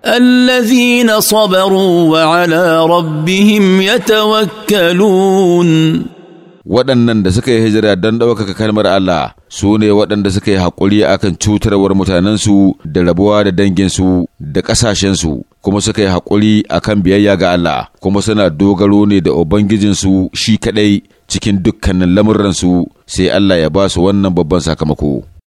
الذين صبروا وعلى ربهم يتوكلون waɗannan da suka yi hijira don ɗaukaka kalmar Allah su ne waɗanda suka yi haƙuri akan cutarwar mutanensu da rabuwa da danginsu da ƙasashensu kuma suka yi haƙuri akan biyayya ga Allah kuma suna dogaro ne da Ubangijinsu shi kaɗai cikin dukkanin lamurransu sai Allah ya ba su wannan babban sakamako.